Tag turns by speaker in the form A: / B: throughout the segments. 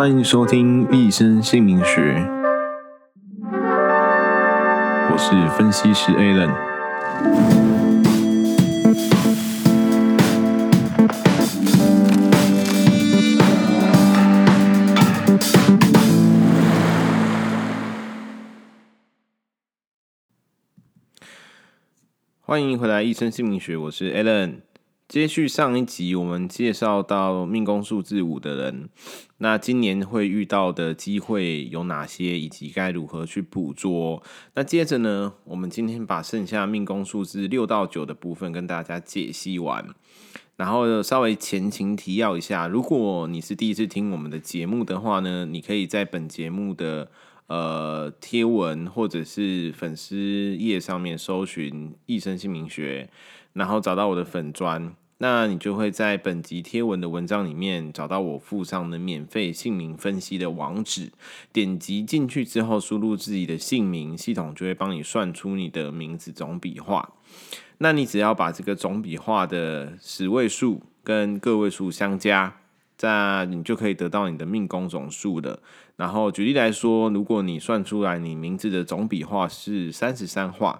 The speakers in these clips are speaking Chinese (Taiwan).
A: 歡迎收聽《一生姓名學》，我是分析師 Alen。歡迎回來《一生姓名學》，我是 Alen。接續上一集，我們介紹到命宮數字五的人，那今年會遇到的機會有哪些，以及該如何去捕捉？那接着呢，我們今天把剩下命宮數字六到九的部分跟大家解析完，然後稍微前情提要一下。如果你是第一次聽我們的節目的話呢，你可以在本節目的呃貼文或者是粉絲頁上面搜尋“一生姓名學”，然後找到我的粉專。那你就會在本集貼文的文章裡面找到我附上的免費姓名分析的網址。點擊進去之後，輸入自己的姓名，系統就會幫你算出你的名字總筆畫。那你只要把這個總筆畫的十位數跟個位數相加，這樣你就可以得到你的命宮總數了。然後舉例來說，如果你算出來你名字的總筆畫是三十三畫，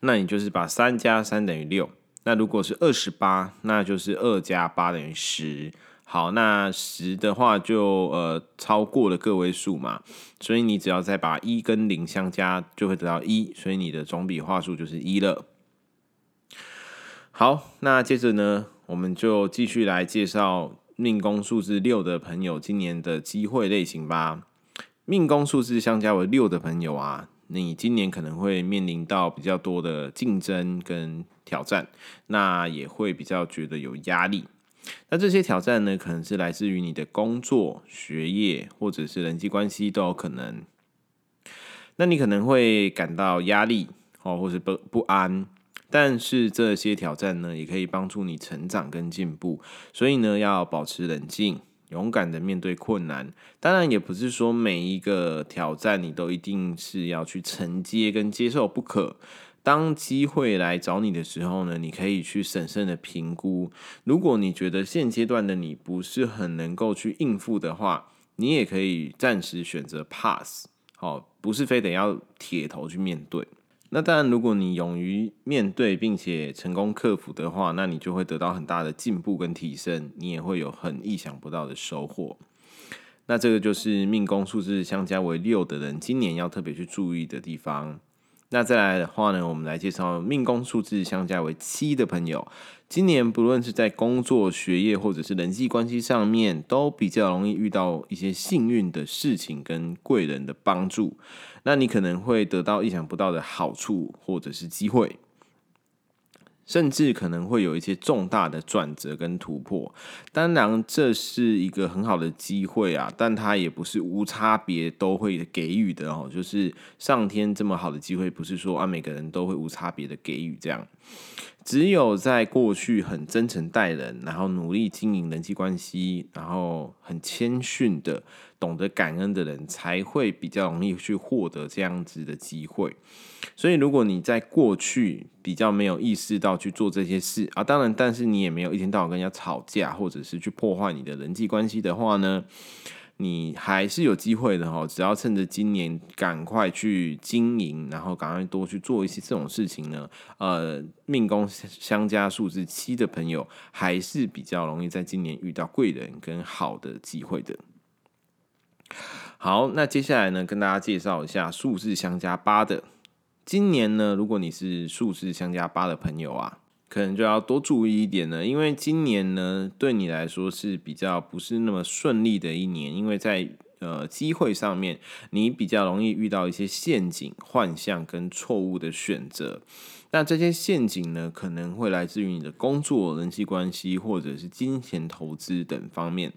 A: 那你就是把三加三等於六。那如果是二十八，那就是二加八等於十。好，那十的話就呃超過了個位數嘛，所以你只要再把一跟零相加，就會得到一。所以你的總筆畫數就是一了。好，那接着呢，我們就繼續來介紹命宮數字六的朋友今年的機會類型吧。命宮數字相加為六的朋友啊。你今年可能會面臨到比較多的競爭跟挑戰，那也會比較覺得有壓力。那這些挑戰呢，可能是來自於你的工作、學業或者是人際關係都有可能。那你可能會感到壓力哦，或是不不安。但是這些挑戰呢，也可以幫助你成長跟進步，所以呢，要保持冷靜。勇敢的面對困難，當然也不是說每一個挑戰你都一定是要去承接跟接受不可。當機會來找你的時候呢，你可以去審慎的評估。如果你覺得現階段的你不是很能夠去應付的話，你也可以暫時選擇 pass。好，不是非得要鐵頭去面對。那當然，如果你勇於面對並且成功克服的話，那你就會得到很大的進步跟提升，你也會有很意想不到的收穫。那這個就是命宮數字相加為六的人，今年要特別去注意的地方。那再來的話呢，我們來介紹命宮數字相加為七的朋友，今年不論是在工作、學業或者是人際關係上面，都比較容易遇到一些幸運的事情跟貴人的幫助。那你可能會得到意想不到的好處或者是機會。甚至可能會有一些重大的轉折跟突破，當然這是一個很好的機會啊，但它也不是無差別都會給予的哦。就是上天這麼好的機會，不是說啊每個人都會無差別的給予這樣，只有在過去很真誠待人，然後努力經營人際關係，然後很謙遜的。懂得感恩的人才會比較容易去獲得這樣子的機會，所以如果你在過去比較沒有意識到去做這些事啊，當然，但是你也沒有一天到晚跟人家吵架，或者是去破壞你的人際關係的話呢，你還是有機會的哈、哦。只要趁着今年趕快去經營，然後趕快多去做一些這種事情呢，呃，命宮相加數字七的朋友還是比較容易在今年遇到貴人跟好的機會的。好，那接下來呢，跟大家介紹一下數字相加八的。今年呢，如果你是數字相加八的朋友啊，可能就要多注意一點呢，因為今年呢，對你來說是比較不是那麼順利的一年，因為在呃機會上面，你比較容易遇到一些陷阱、幻象跟錯誤的選擇。那這些陷阱呢，可能會來自於你的工作、人際關係或者是金錢投資等方面。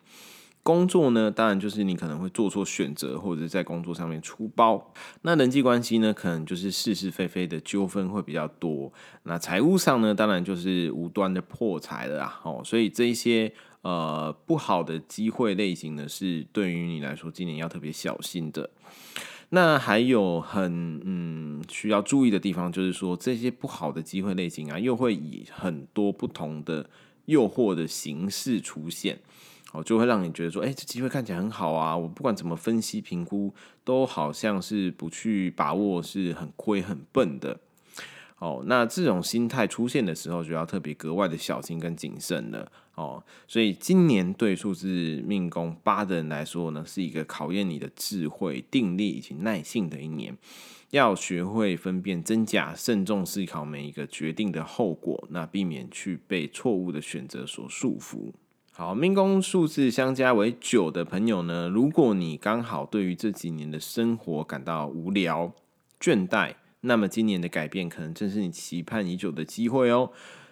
A: 工作呢，當然就是你可能會做錯選擇，或者在工作上面出包。那人際關係呢，可能就是是是非非的糾紛會比較多。那財務上呢，當然就是無端的破財了啊。哦，所以這一些呃不好的機會類型呢，是對於你來說今年要特別小心的。那還有很嗯需要注意的地方，就是說這些不好的機會類型啊，又會以很多不同的誘惑的形式出現。哦，就會讓你覺得說，哎、欸，這機會看起來很好啊！我不管怎麼分析評估，都好像是不去把握是很虧很笨的。哦，那這種心態出現的時候，就要特別格外的小心跟謹慎了。哦，所以今年對數字命宮八的人來說呢，是一個考驗你的智慧、定力以及耐性的一年。要學會分辨真假，慎重思考每一個決定的後果，那避免去被錯誤的選擇所束縛。好，命宮數字相加為九的朋友呢，如果你剛好對於這幾年的生活感到無聊、倦怠，那麼今年的改變可能正是你期盼已久的機會哦。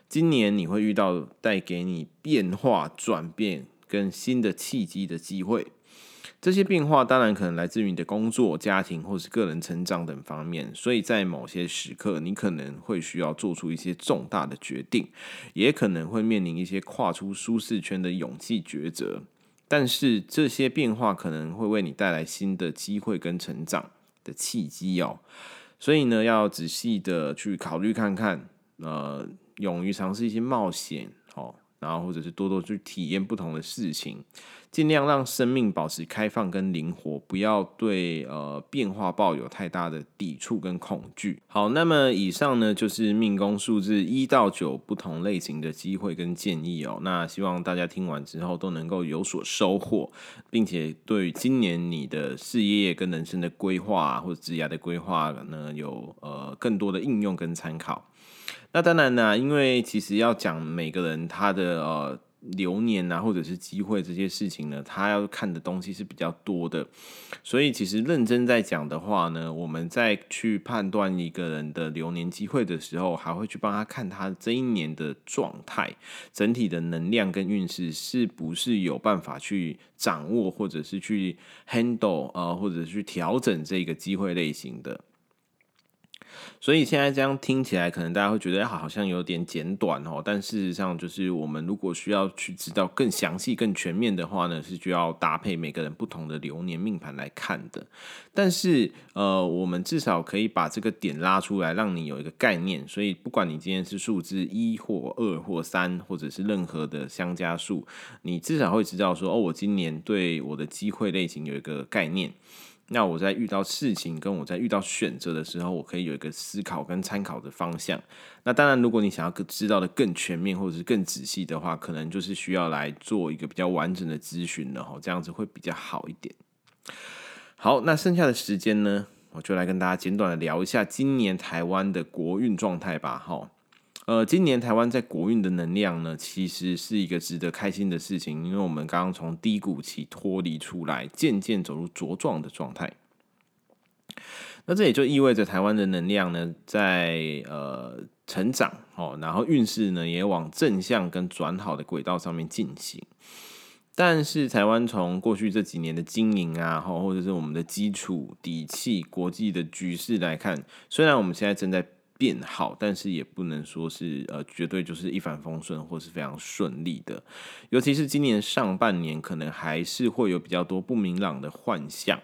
A: 今年你會遇到帶給你變化、轉變跟新的契機的機會。這些變化當然可能來自於你的工作、家庭或是個人成長等方面，所以在某些時刻，你可能會需要做出一些重大的決定，也可能會面臨一些跨出舒適圈的勇氣抉擇。但是這些變化可能會為你帶來新的機會跟成長的契機哦、喔，所以呢，要仔細的去考慮看看，呃，勇於嘗試一些冒險哦。喔。然後，或者是多多去體驗不同的事情，盡量讓生命保持開放跟靈活，不要對呃變化抱有太大的抵觸跟恐懼。好，那麼以上呢，就是命宮數字一到九不同類型的機會跟建議哦。那希望大家聽完之後都能夠有所收穫，並且對今年你的事業跟人生的規劃或者職涯的規劃呢，有呃更多的應用跟參考。那當然呢、啊，因為其實要講每個人他的呃流年吶、啊，或者是機會這些事情呢，他要看的東西是比較多的，所以其實認真在講的話呢，我們在去判斷一個人的流年機會的時候，還會去幫他看他這一年的狀態，整體的能量跟運勢是不是有辦法去掌握或者是去 handle，呃，或者是去 handle 啊，或者是去調整這個機會類型的。所以現在這樣聽起來，可能大家會覺得好像有點簡短哦。但事實上，就是我們如果需要去知道更詳細、更全面的話呢，是需要搭配每個人不同的流年命盤來看的。但是，呃，我們至少可以把這個點拉出來，讓你有一個概念。所以，不管你今天是數字一或二或三，或者是任何的相加數，你至少會知道說：哦，我今年對我的機會類型有一個概念。那我在遇到事情跟我在遇到選擇的時候，我可以有一個思考跟參考的方向。那當然，如果你想要知道的更全面或者是更仔細的話，可能就是需要來做一個比較完整的諮詢，然後這樣子會比較好一點。好，那剩下的時間呢，我就來跟大家簡短的聊一下今年台灣的國運狀態吧，哈。呃，今年台灣在國運的能量呢，其實是一個值得開心的事情，因為我們剛剛從低谷期脫離出來，漸漸走入茁壯的狀態。那這也就意味着台灣的能量呢，在呃成長哦，然後運勢呢也往正向跟轉好的軌道上面進行。但是台灣從過去這幾年的經營啊，或或者是我們的基礎底氣、國際的局勢來看，雖然我們現在正在。變好，但是也不能說是呃，絕對就是一帆風順或是非常順利的。尤其是今年上半年，可能還是會有比較多不明朗的幻象，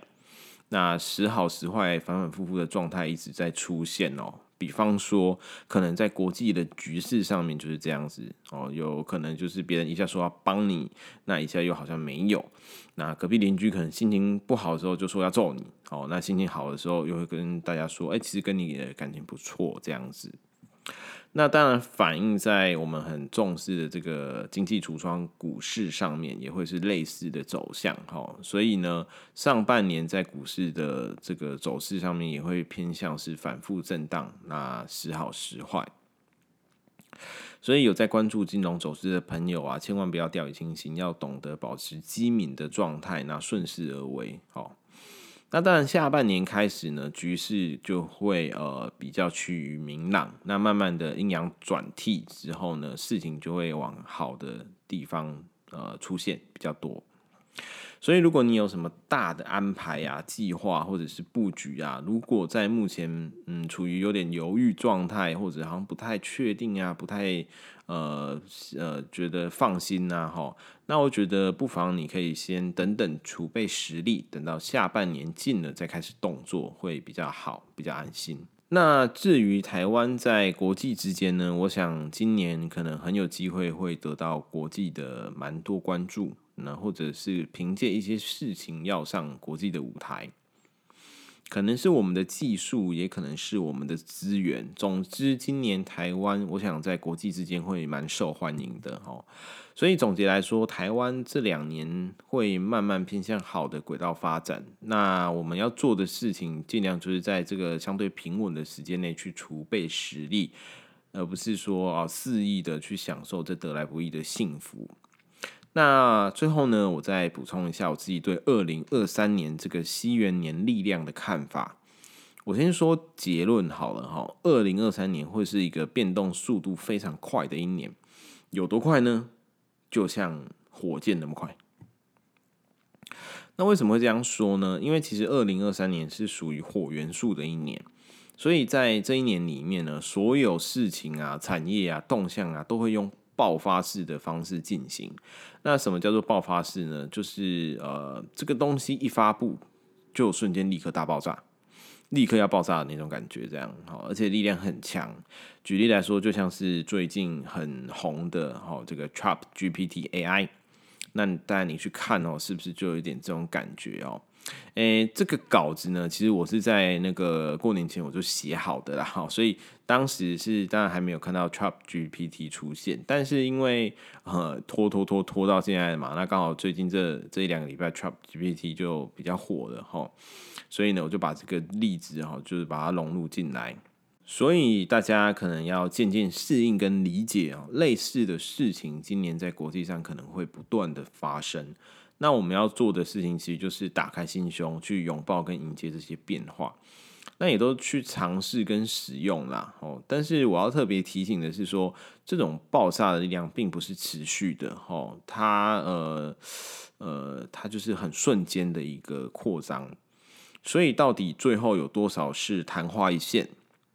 A: 那時好時壞、反反复复的狀態一直在出現哦。比方說，可能在國際的局勢上面就是這樣子哦，有可能就是別人一下說要幫你，那一下又好像沒有。那隔壁鄰居可能心情不好的時候就說要揍你哦，那心情好的時候又會跟大家說，哎、欸，其實跟你的感情不錯這樣子。那當然反映在我們很重視的這個經濟櫥窗股市上面，也會是類似的走向哈。所以呢，上半年在股市的這個走勢上面，也會偏向是反復震盪，那時好時壞。所以有在關注金融走勢的朋友啊，千萬不要掉以輕心，要懂得保持機敏的狀態，那順勢而為哦。那當然，下半年開始呢，局勢就會呃比較趨於明朗。那慢慢的陰陽轉替之後呢，事情就會往好的地方呃出現比較多。所以，如果你有什麼大的安排呀、啊、計劃或者是布局啊，如果在目前嗯處於有點猶豫狀態，或者好像不太確定啊、不太呃呃覺得放心啊，齁，那我覺得不妨你可以先等等儲備實力，等到下半年近了再開始動作會比較好，比較安心。那至於台灣在國際之間呢，我想今年可能很有機會會得到國際的蠻多關注。那或者是憑借一些事情要上國際的舞台，可能是我們的技術，也可能是我們的資源。總之，今年台灣我想在國際之間會蠻受歡迎的。所以總結來說，台灣這兩年會慢慢偏向好的軌道發展。那我們要做的事情，盡量就是在這個相對平穩的時間內去儲備實力，而不是說啊肆意的去享受這得來不易的幸福。那最後呢，我再補充一下我自己對二零二三年這個西元年力量的看法。我先說結論好了哈，二零二三年會是一個變動速度非常快的一年，有多快呢？就像火箭那麼快。那為什麼會這樣說呢？因為其實二零二三年是屬於火元素的一年，所以在這一年裡面呢，所有事情啊、產業啊、動向啊，都會用。爆發式的方式進行，那什麼叫做爆發式呢？就是呃，這個東西一發布就瞬間立刻大爆炸，立刻要爆炸的那種感覺，這樣好、喔，而且力量很強。舉例來說，就像是最近很紅的哈、喔、這個 ChatGPT AI，那當然你去看哦、喔，是不是就有一點這種感覺哦、喔？誒、欸，這個稿子呢，其實我是在那個過年前我就寫好的啦，哈，所以當時是當然還沒有看到 Chat GPT 出現，但是因為呃拖拖拖拖到現在的嘛，那剛好最近這這一兩個禮拜 Chat GPT 就比較火了哈，所以呢，我就把這個例子哈，就是把它融入進來，所以大家可能要漸漸適應跟理解啊，類似的事情，今年在國際上可能會不斷的發生。那我們要做的事情，其實就是打開心胸，去擁抱跟迎接這些變化。那也都去嘗試跟使用啦，哦。但是我要特別提醒的是說，說這種爆炸的力量並不是持續的，哦，它呃呃，它就是很瞬間的一個擴張。所以到底最後有多少是曇花一現，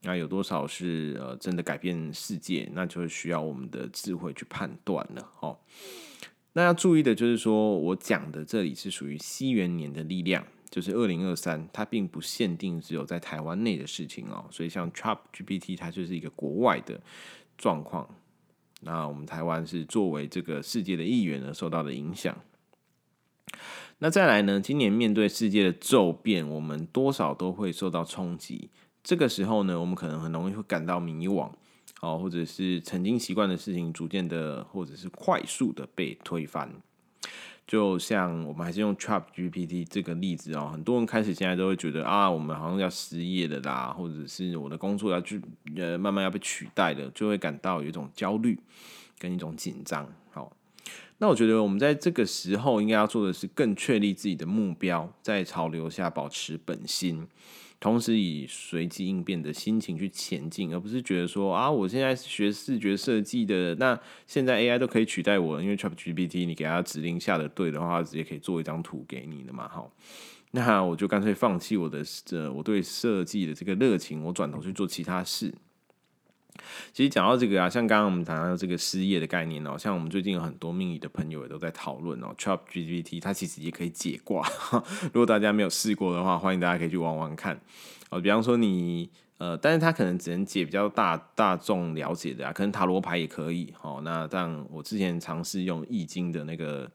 A: 那有多少是呃真的改變世界，那就是需要我們的智慧去判斷了，哦。那要注意的就是說，我講的這裡是屬於西元年的力量，就是二零二三，它並不限定只有在台灣內的事情哦。所以像 ChatGPT 它就是一個國外的狀況，那我們台灣是作為這個世界的一員而受到的影響。那再來呢，今年面對世界的驟變，我們多少都會受到衝擊。這個時候呢，我們可能很容易會感到迷惘。哦，或者是曾經習慣的事情，逐漸的，或者是快速的被推翻，就像我們還是用 Chat GPT 這個例子哦、喔，很多人開始現在都會覺得啊，我們好像要失業了啦，或者是我的工作要去呃慢慢要被取代了，就會感到有一種焦慮跟一種緊張。好，那我覺得我們在這個時候應該要做的是更確立自己的目標，在潮流下保持本心。同時以隨機應變的心情去前進，而不是覺得說啊，我現在學視覺設計的，那現在 AI 都可以取代我了，因為 ChatGPT 你給他指令下的對的話，他直接可以做一張圖給你的嘛，哈。那我就乾脆放棄我的這、呃、我對設計的這個熱情，我轉頭去做其他事。其實講到這個啊，像剛剛我們談到這個失業的概念哦，像我們最近有很多命理的朋友也都在討論哦，ChatGPT 它其實也可以解卦。如果大家沒有試過的話，歡迎大家可以去玩玩看哦。比方說你呃，但是它可能只能解比較大大眾了解的啊，可能塔羅牌也可以哦。那但我之前嘗試用易經的那個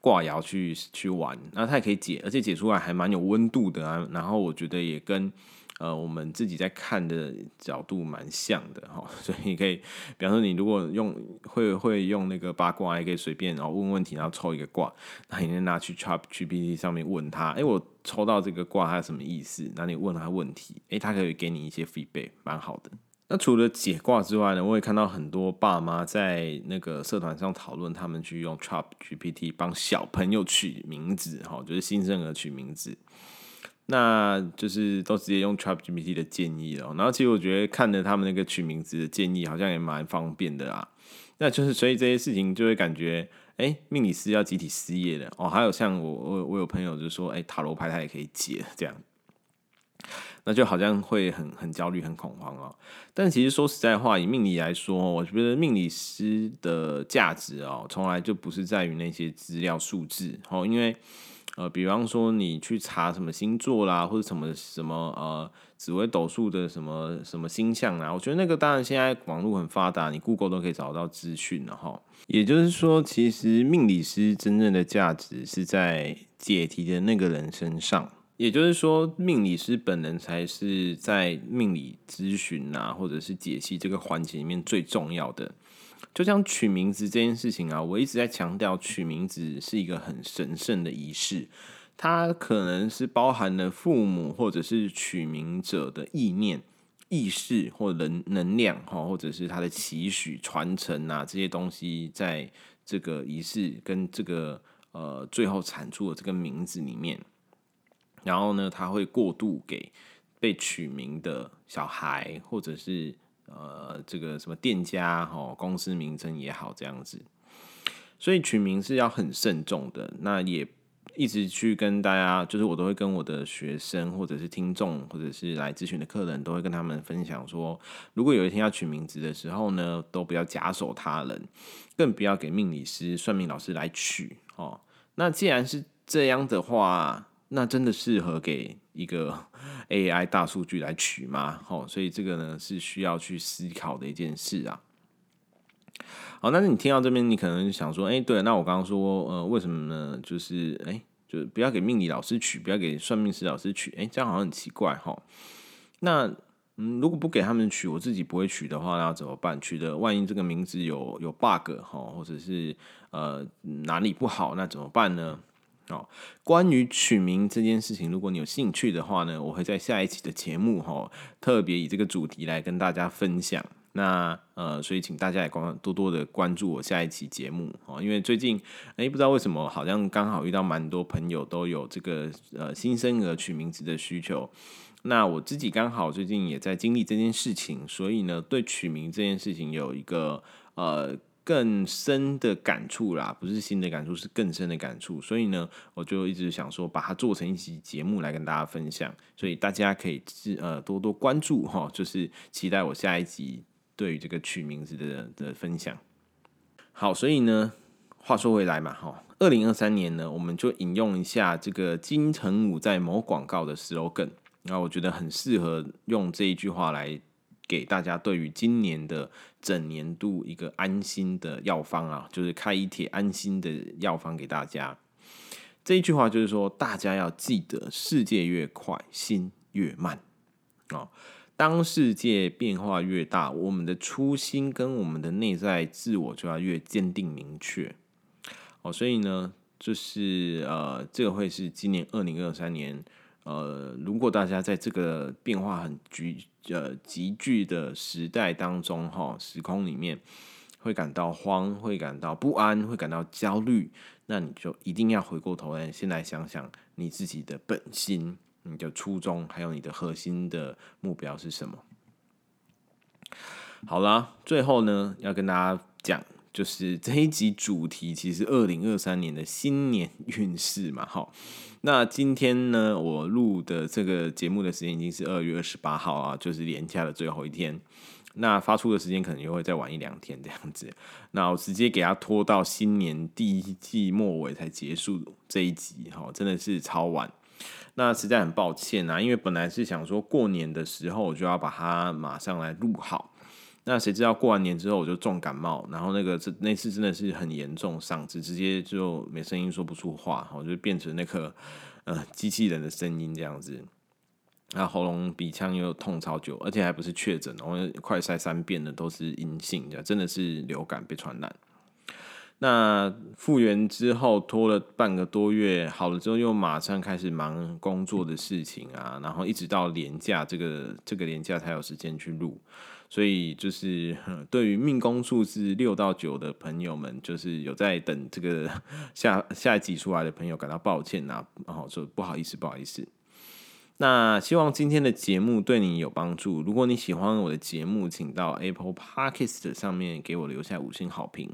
A: 卦爻去去玩，那它也可以解，而且解出來還蠻有溫度的啊。然後我覺得也跟呃，我們自己在看的角度蠻像的哈，所以你可以，比方說你如果用會會用那個八卦，也可以隨便然後問問題，然後抽一個卦，那你可以拿去 Chat GPT 上面問他，哎、欸，我抽到這個卦它有什麼意思？那你問他問題，哎、欸，他可以給你一些 feedback，蠻好的。那除了解卦之外呢，我也看到很多爸媽在那個社團上討論，他們去用 Chat GPT 幫小朋友取名字，哈，就是新生兒取名字。那就是都直接用 Chat GPT 的建議了、喔，然後其實我覺得看着他們那個取名字的建議，好像也蠻方便的啦。那就是所以這些事情就會感覺，誒、欸，命理師要集體失業了哦、喔。還有像我我我有朋友就說，誒、欸，塔羅牌它也可以解這樣。那就好像會很很焦慮、很恐慌哦。但其實說實在話，以命理來說，我覺得命理師的價值哦，從來就不是在於那些資料、數字哦。因為呃，比方說你去查什麼星座啦，或者什麼什麼呃紫微斗數的什麼什麼星象啦，我覺得那個當然現在網絡很發達，你 Google 都可以找到資訊了哈、哦。也就是說，其實命理師真正的價值是在解題的那個人身上。也就是說，命理師本人才是在命理諮詢啊，或者是解析這個環節裡面最重要的。就像取名字這件事情啊，我一直在強調，取名字是一個很神聖的儀式，它可能是包含了父母或者是取名者的意念、意識或能能量哈，或者是他的期許、傳承啊這些東西，在這個儀式跟這個呃最後產出的這個名字裡面。然後呢，他會過度給被取名的小孩，或者是呃，這個什麼店家、吼公司名稱也好，這樣子。所以取名是要很慎重的。那也一直去跟大家，就是我都會跟我的學生，或者是聽眾，或者是來諮詢的客人都會跟他們分享說，如果有一天要取名字的時候呢，都不要假手他人，更不要給命理師、算命老師來取哦。那既然是這樣的話，那真的適合給一個 AI 大數據來取嗎？齁，所以這個呢是需要去思考的一件事啊。好，那你聽到這邊，你可能想說，哎、欸，對，那我剛剛說，呃，為什麼呢？就是，哎、欸，就是不要給命理老師取，不要給算命師老師取，哎、欸，這樣好像很奇怪齁。那，嗯，如果不給他們取，我自己不會取的話，那要怎麼辦？取的萬一這個名字有有 bug 齁，或者是呃哪裡不好，那怎麼辦呢？哦，關於取名這件事情，如果你有興趣的話呢，我會在下一期的節目哈，特別以這個主題來跟大家分享。那呃，所以請大家也關多多的關注我下一期節目哦，因為最近誒、欸，不知道為什麼，好像剛好遇到蠻多朋友都有這個呃新生兒取名字的需求。那我自己剛好最近也在經歷這件事情，所以呢，對取名這件事情有一個呃。更深的感觸啦，不是新的感觸，是更深的感觸。所以呢，我就一直想說，把它做成一集節目來跟大家分享，所以大家可以是呃多多關注哈，就是期待我下一集對於這個取名字的的分享。好，所以呢，話說回來嘛，哈，2023年呢，我們就引用一下這個金城武在某廣告的 slogan，然後我覺得很適合用這一句話來。給大家對於今年的整年度一個安心的藥方啊，就是開一帖安心的藥方給大家。這一句話就是說，大家要記得：世界越快，心越慢。哦，當世界變化越大，我們的初心跟我們的內在自我就要越堅定、明確。哦，所以呢，就是呃，這個會是今年二零二三年。呃，如果大家在這個變化很局呃急劇的時代當中哈，時空裡面會感到慌，會感到不安，會感到焦慮，那你就一定要回過頭來，先來想想你自己的本心，你的初衷，還有你的核心的目標是什麼。好啦，最後呢，要跟大家講，就是這一集主題，其實是二零二三年的新年運勢嘛，哈。那今天呢，我錄的這個節目的時間已經是二月二十八號啊，就是連假的最後一天。那發出的時間可能又會再晚一兩天這樣子。那我直接給它拖到新年第一季末尾才結束這一集，哈，真的是超晚。那實在很抱歉啊，因為本來是想說，過年的時候我就要把它馬上來錄好。那誰知道過完年之後我就重感冒，然後那個那次真的是很嚴重，嗓子直接就沒聲音說不出話，我就變成那個呃機器人的聲音這樣子。那喉嚨、鼻腔又痛超久，而且還不是確診，然後快篩三遍的都是陰性的，真的是流感被傳染。那復原之後拖了半個多月，好了之後又馬上開始忙工作的事情啊，然後一直到連假這個這個連假才有時間去錄，所以就是對於命宮數字六到九的朋友們，就是有在等這個下下一集出來的朋友感到抱歉吶、啊，然後說不好意思不好意思。那希望今天的節目對你有幫助。如果你喜歡我的節目，請到 Apple Podcast 上面給我留下五星好評。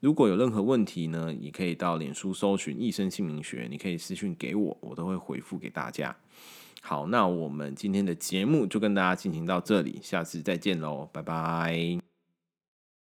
A: 如果有任何問題呢，你可以到臉書搜尋“一生姓名學”，你可以私訊給我，我都會回復給大家。好，那我們今天的節目就跟大家進行到這裡，下次再見嘍，拜拜。